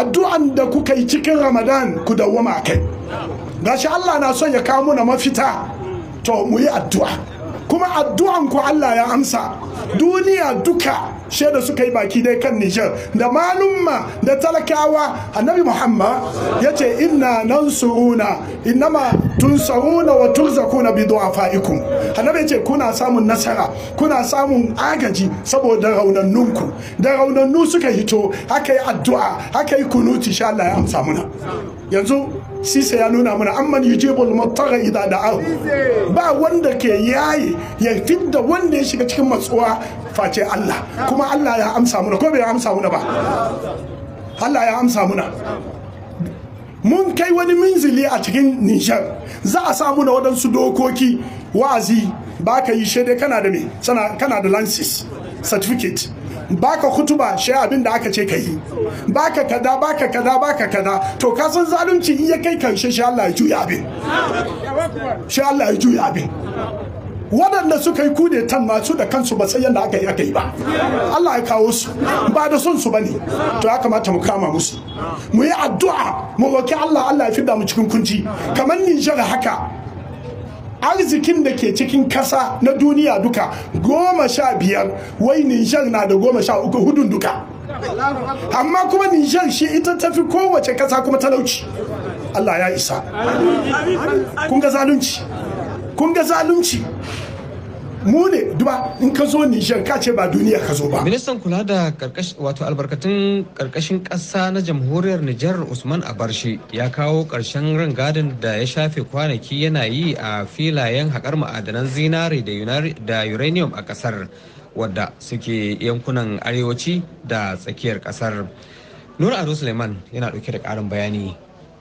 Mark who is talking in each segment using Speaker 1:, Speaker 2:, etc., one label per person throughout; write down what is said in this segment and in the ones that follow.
Speaker 1: addu'an da kuka yi cikin ramadan ku dawwama kai gashi allah na son ya kawo muna mafita to mu yi addu'a kuma addu'an ku Allah ya amsa duniya duka da suka yi baki dai kan Nijar da malumma da talakawa annabi Muhammad ya ce inna nansuruna innama tunsaruna wa turzakuna bi du'afaikum annabi ya ce kuna samun nasara kuna samun agaji saboda raunannunku da raunannu suka hito haka yi addu'a haka yi kunuti insha Allah ya amsa muna yanzu sisa ya nuna mana amman yujibul mutara idza da'ahu ba wanda ke yayi ya fidda wanda ya shiga cikin matsuwa face Allah kuma Allah ya amsa muna ko bai amsa muna ba Allah ya amsa muna mun kai wani minzili a cikin Nijar za a samu na waɗansu dokoki wa'azi ba ka yi shaidai kana da me kana da lansis certificate baka kutuba shi abin da aka ce ka yi baka kaza baka kaza baka kada to ka san zalunci in ya kai karshe shi Allah ya juya abin shi Allah ya juya abin waɗanda suka yi kude tan masu da kansu ba sai yadda aka yi aka yi ba Allah ya kawo su ba da son su bane to ya kamata mu kama musu mu yi addu'a mu roki Allah Allah ya fidda mu cikin kunci kamar Nijar haka arzikin da ke cikin kasa na duniya duka goma sha biyar wai nijar na da goma sha uku hudun duka amma kuma nijar shi ita ta fi kowace kasa kuma talauci Allah ya isa kun kun ga zalunci mu ne duba in ka zo Nijar ka ce ba duniya ka zo ba ministan kula da
Speaker 2: wato albarkatun karkashin kasa na jamhuriyar Nijar Usman Abarshi ya kawo ƙarshen rangadin da ya shafe kwanaki yana yi a filayen haƙar ma'adanan zinare da uranium a kasar wadda suke yankunan arewaci da tsakiyar kasar Nur Ado Suleiman yana ɗauke da ƙarin bayani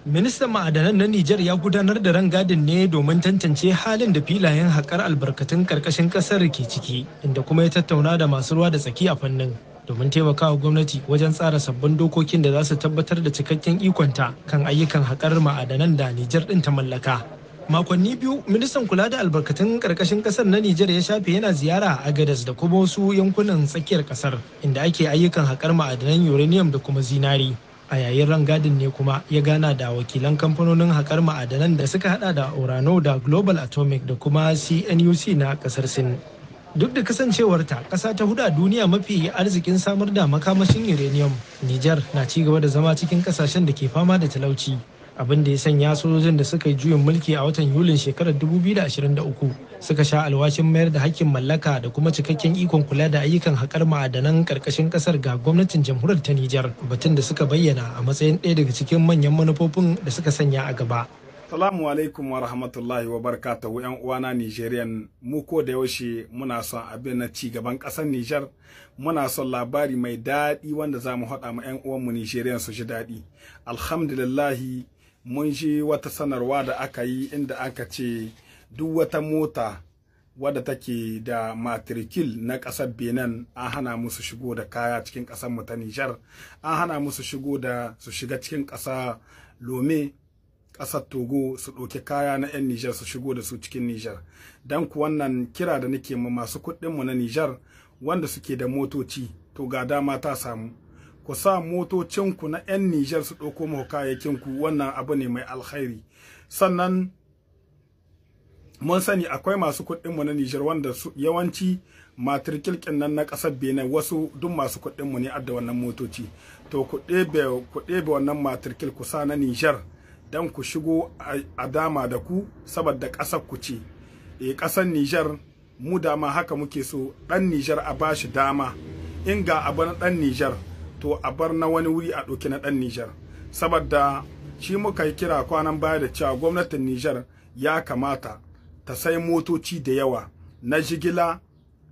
Speaker 2: Ministan ma'adanan na Nijar ya gudanar da rangadin ne domin tantance halin da filayen haƙar albarkatun ƙarƙashin ƙasar ke ciki, inda kuma ya tattauna da masu ruwa da tsaki a fannin. domin taimakawa gwamnati wajen tsara sabbin dokokin da za su tabbatar da cikakken ikonta kan ayyukan haƙar ma'adanan da Nijar ɗin ta mallaka. Makonni biyu, ministan kula da albarkatun ƙarƙashin ƙasar na Nijar ya shafe yana ziyara a Agadas da kuma wasu yankunan tsakiyar ƙasar, inda ake ayyukan haƙar ma'adanan uranium da kuma zinari. a yayin rangadin ne kuma ya gana da wakilan kamfanonin haƙar ma'adanan da suka hada da orano da global atomic da kuma cnuc na ƙasar sin duk da kasancewarta ƙasa ta hudu a duniya mafi arzikin samar da makamashin uranium niger na ci gaba da zama cikin ƙasashen da ke fama da talauci abin da ya sanya sojojin da suka yi juyin mulki a watan yulin shekarar 2023 suka sha alwashin mayar da hakkin mallaka da kuma cikakken ikon kula da ayyukan haƙar ma'adanan ƙarƙashin ƙasar ga gwamnatin jamhuriyar ta Nijar batun da suka bayyana a matsayin ɗaya daga cikin manyan manufofin da suka sanya a gaba.
Speaker 3: Salamu alaikum wa rahmatullahi wa barakatuhu ‘yan uwana Nijeriyan mu ko da yaushe muna son abin na ci gaban ƙasar Nijar muna son labari mai daɗi wanda za mu haɗa ma ‘yan uwanmu Nijeriyan su ji daɗi. Alhamdulillahi mun shi wata sanarwa da aka yi inda aka ce duk wata mota wadda take da matrikil na ƙasar benin an hana musu shigo da kaya cikin ƙasar mu ta nijar an hana musu shigo da su shiga cikin ƙasa lome ƙasar togo su ɗauki kaya na 'yan nijar su shigo da su cikin nijar don ku wannan kira da nake ma masu kuɗinmu na nijar wanda suke da motoci to ga dama ta samu ku sa motocinku na 'yan Nijar su ɗauko muku kayayyakinku wannan abu ne mai alkhairi sannan mun sani akwai masu kuɗinmu na Nijar wanda yawanci matrikilkin nan na ƙasar Benin wasu duk masu kuɗinmu ne adda wannan motoci to ku ɗebe wannan matrikil ku sa na Nijar dan ku shigo a dama da ku saboda ƙasar ku ce eh ƙasar Nijar mu dama haka muke so ɗan Nijar a bashi dama in ga abu na ɗan Nijar to a bar na wani wuri a ɗauki na ɗan Nijar saboda shi muka yi kira kwanan baya da cewa gwamnatin Nijar ya kamata ta sai motoci da yawa na jigila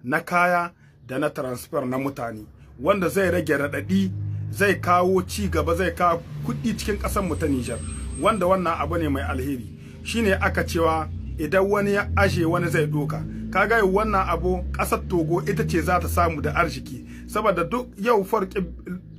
Speaker 3: na kaya da na transfer na mutane wanda zai rage raɗaɗi zai kawo ci gaba zai kawo kuɗi cikin ƙasar mu ta Nijar wanda wannan abu ne mai alheri shine aka cewa idan wani ya ashe wani zai ɗoka kaga gaya wannan abu ƙasar Togo ita ce za ta samu da arziki saboda duk yau farkin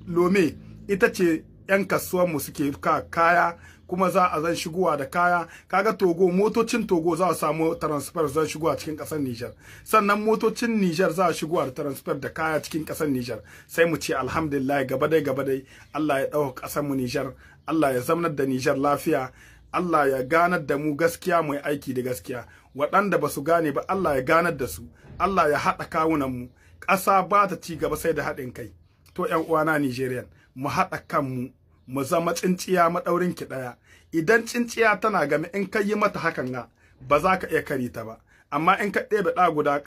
Speaker 3: lome ita ce 'yan kasuwanmu suke ka kaya kuma za a zan shigowa da kaya kaga togo motocin togo za a samu transfer zan shigowa cikin kasar Niger sannan motocin Niger za a shigowa da transfer da kaya cikin kasar Niger sai mu ce alhamdulillah gaba dai gaba dai Allah ya ɗauka kasar mu Niger Allah ya zamanar da Niger lafiya Allah ya ganar da mu gaskiya mai aiki da gaskiya waɗanda ba su gane ba Allah ya ganar da su Allah ya haɗa kawunan mu ƙasa ba ta ci gaba sai da haɗin kai to ƴan uwana Nigerian mu haɗa kanmu mu zama tsinciya maɗaurin ki ɗaya idan tsinciya tana game in ka yi mata hakan ga ba za ka iya kari ta ba amma in ka ɗebe ɗa guda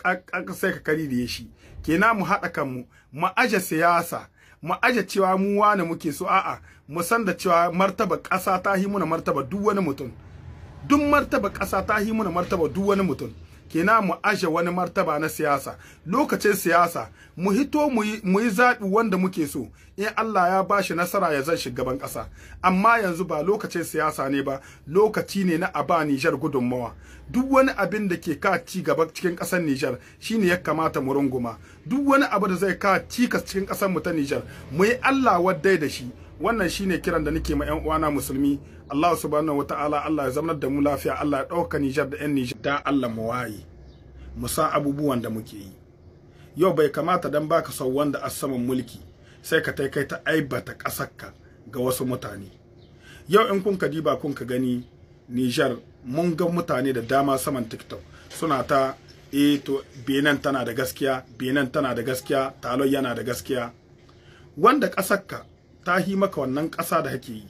Speaker 3: sai ka kari da shi kenan mu haɗa kanmu mu aje siyasa mu aje cewa mu wane muke so a'a mu san da cewa martaba ƙasa ta hi muna martaba duk wani mutum duk martaba ƙasa ta hi muna martaba duk wani mutum kina mu aje wani martaba na siyasa lokacin siyasa mu hito mu yi zaɓi wanda muke so in Allah ya bashi nasara ya zan shugaban ƙasa amma yanzu ba lokacin siyasa ne ba lokaci ne na aba Nijar gudunmawa duk wani abin da ke ka ci gaba cikin kasar Nijar shine ya kamata mu runguma duk wani abu da zai ka ci cikin ƙasar mu ta Nijar mu yi Allah waddai da shi wannan shine kiran da nake ma yan uwana musulmi Allah subhanahu wataala Allah ya zama da mu lafiya Allah ya dauka Nijar da yan Nijar da Allah mu waye mu sa abubuwan da muke yi yau bai kamata dan baka sau wanda a saman mulki sai ka taikai ta aibata kasarka ga wasu mutane yau in kun ka diba kun ka gani Nijar mun ga mutane da dama saman TikTok suna ta eh to benen tana da gaskiya benen tana da gaskiya Talo yana da gaskiya wanda kasarka ta yi maka wannan ƙasa da kake yi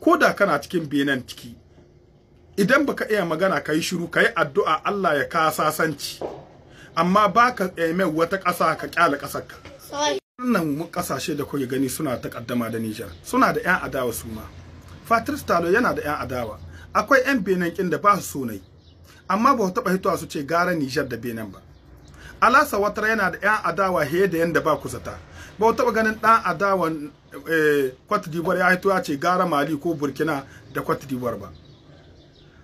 Speaker 3: ko da kana cikin benen ciki idan baka iya magana ka yi shiru ka yi addu'a Allah ya kasasanci sanci amma ba ka wata ƙasa ka ƙyale ƙasar ka wannan ƙasashe da kuke gani suna takaddama da Nijar suna da 'yan adawa su ma Fatir Talo yana da 'yan adawa akwai 'yan benen kin da ba su sonai amma ba taɓa hitowa su ce gara Nijar da benen ba Alasa Watara yana da 'yan adawa he da yanda ba ku zata ba ku taɓa ganin ɗan adawan eh, Cote d'Ivoire ya haito ya ce gara Mali ko Burkina da Cote d'Ivoire ba.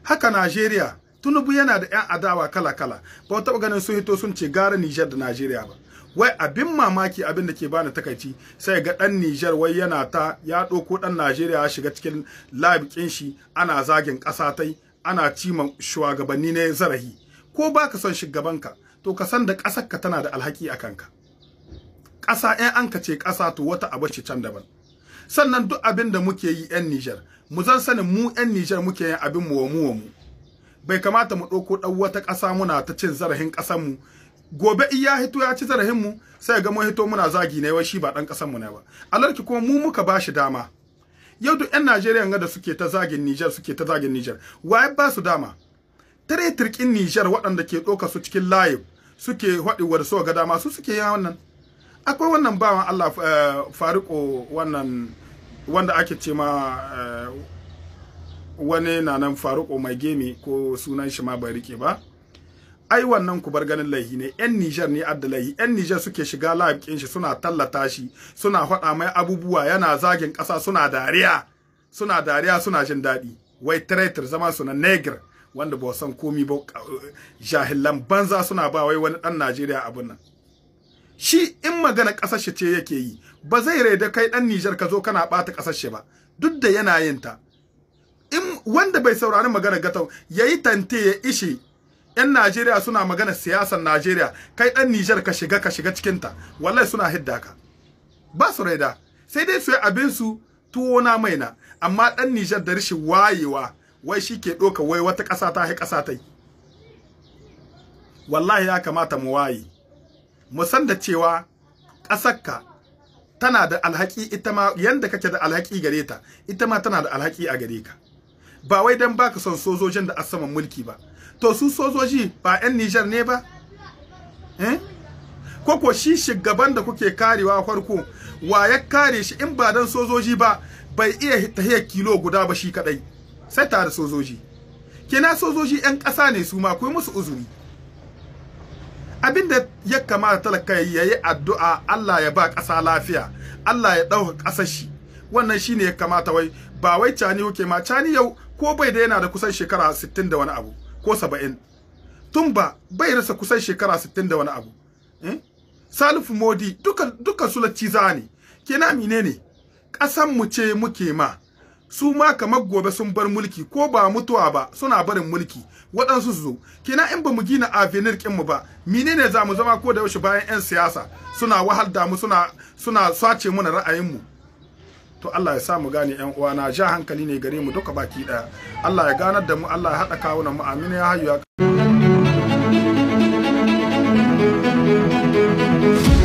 Speaker 3: Haka Najeriya Tunubu yana da 'yan adawa kala-kala ba taɓa ganin sun hito sun ce gara Nijar da Najeriya ba. Wai abin mamaki abin da ke bani takaici sai ga ɗan Nijar wai yana ta ya ɗauko ɗan Najeriya ya shiga cikin labikin shi ana zagin ƙasa tai ana cima shugabanni na zarahi ko baka son shugabanka to ka san da ƙasarka tana da alhaki a kanka. kasa ɗaya an ka ce ƙasa to wata abu ce can daban sannan duk abin da muke yi 'yan Nijar mu zan sanin mu 'yan Nijar muke yin abin mu wa mu mu bai kamata mu ɗauko ɗan wata ƙasa muna ta cin zarahin ƙasar mu gobe in ya hito ya ci zarahin mu sai ga mun hito muna zagi ne wai shi ba ɗan ƙasar mu ne ba alarki kuma mu muka ba shi dama yau duk 'yan Najeriya ga da suke ta zagin Nijar suke ta zagin Nijar waye ba su dama tare turkin Nijar waɗanda ke ɗauka su cikin layi suke haɗewar so ga dama su suke yi wannan akwai wannan bawan Allah eh, fariko wannan wanda ake ce ma eh, wani na nan fariko mai gemi ko sunan shi ma bai rike ba ai wannan ku bar ganin laihi ne yan Niger ne adda laihi yan Niger suke shiga laifin shi suna tallata shi suna faɗa mai abubuwa yana zagin ƙasa suna dariya suna dariya suna jin daɗi wai traitor zama suna negir wanda ba san komi ba eh, jahilan banza suna ba wai wani dan Najeriya abun nan shi in magana ƙasar shi ce yake yi ba zai raida kai dan Nijar ka zo kana bata ƙasashe shi ba duk da yana yin ta in wanda bai saurari magana gatau yayi tante ya ishe yan Najeriya suna magana siyasar Najeriya kai dan Nijar ka shiga ka shiga cikin ta wallahi suna hidda ka ba su raida sai dai su abin su tuwo na mai na, amma dan Nijar da rishin wayewa wai shi ke ɗoka wai wata ƙasa ta ƙasa ta wallahi ya kamata mu waye musan da cewa ƙasarka tana da alhaki ita ma yanda kake da alhaki gare ta ita ma tana da alhaki a gare ka ba wai dan baka son sojojin da asaman mulki ba to su sojoji ba 'yan Nijar ne ba eh ko ko shi shugaban da kuke karewa farko wa ya kare shi in ba dan sojoji ba bai iya tahiyar kilo guda ba shi kadai sai tare sojoji kina sojoji 'yan ƙasa ne su ma ku musu uzuri abinda ya kamata talaka ya yi addu'a Allah ya ba ƙasa lafiya Allah ya ɗauka ƙasar shi wannan shine ya kamata wai ba wai cani huke ma cani yau ko bai da yana da kusan shekara 60 da wani abu ko 70 tun ba bai rasa kusan shekara 60 da wani abu eh? Salifu Modi duka duka za ne kenan mine ne ƙasan mu ce muke ma su ma kamar gobe sun bar mulki ko ba mutuwa ba suna barin mulki waɗansu su zo kenan in ba mu gina avenir kinmu ba menene za mu zama ko da yaushe bayan 'yan siyasa suna wahal da mu suna suna sace mana ra'ayinmu to Allah ya sa mu gane 'yan uwana ja hankali ne gare mu duka baki ɗaya Allah ya ganar da mu Allah ya haɗa kawunan mu amin ya hayu ya